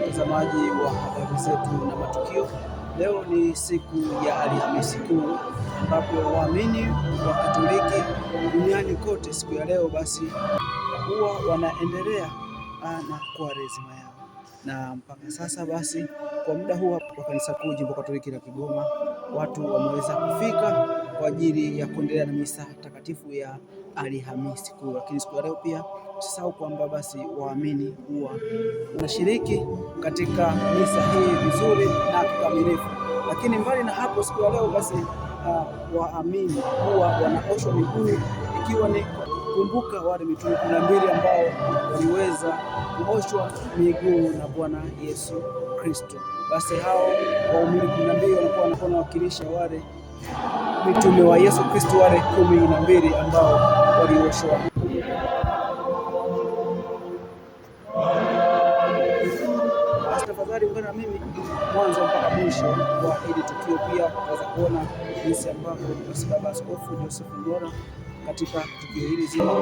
mtazamaji wa habari zetu na matukio. Leo ni siku ya Alhamisi Kuu ambapo waamini wa Katoliki duniani kote siku ya leo basi huwa wanaendelea ah, na Kwaresima yao, na mpaka sasa basi kwa muda huu hapa kanisa kuu jimbo Katoliki la Kigoma watu wameweza kufika kwa ajili ya kuendelea na misa takatifu ya Alhamisi Kuu. Lakini siku ya leo pia usisahau kwamba basi waamini huwa unashiriki katika misa hii vizuri na kikamilifu. Lakini mbali na hapo, siku ya leo basi uh, waamini huwa wanaoshwa miguu ikiwa ni kumbuka wale mitume kumi na mbili ambao waliweza kuoshwa miguu na Bwana Yesu Kristo. Basi hao waumini kumi na mbili walikuwa wanawakilisha wale mitume wa Yesu Kristo wale kumi na mbili ambao walioshwa. Tafadhali ungana na mimi mwanzo mpaka mwisho wa hili tukio. Pia utaweza kuona jinsi ambavyo Baba Askofu Joseph Ngora katika tukio hili zima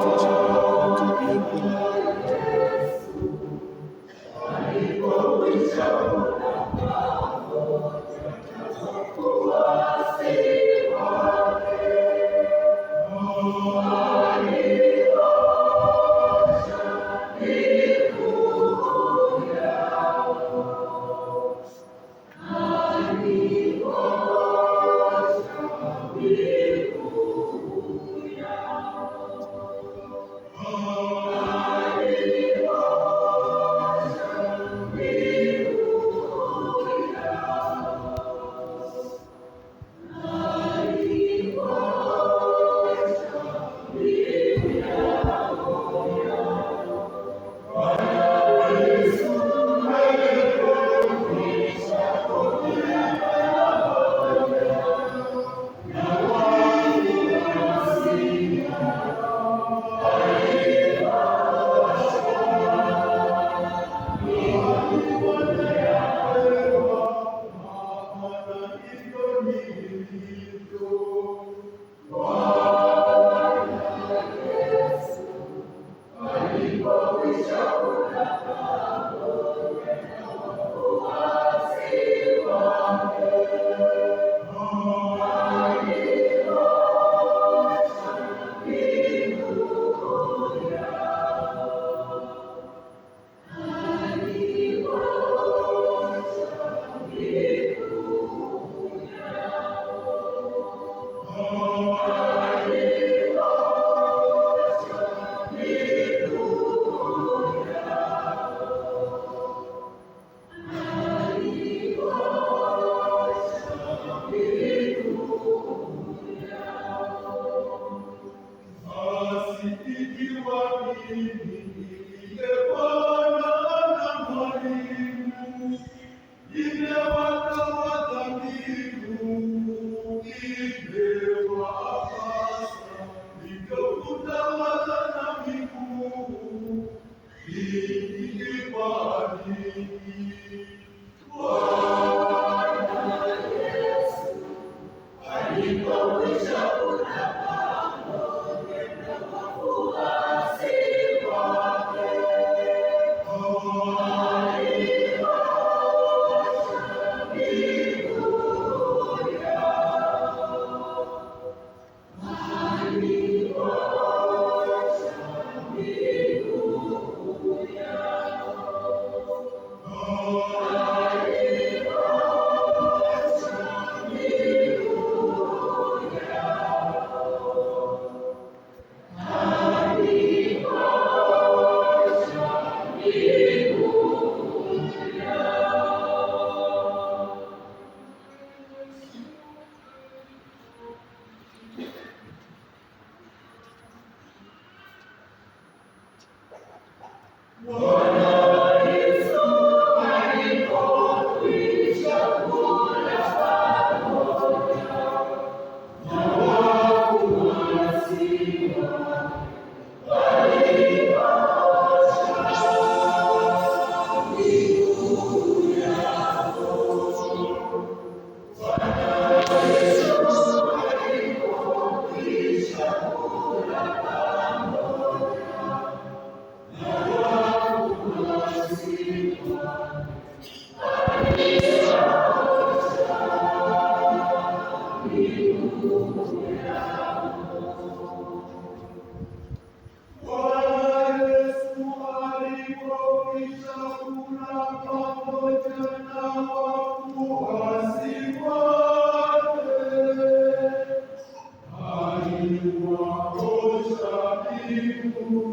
Spirit of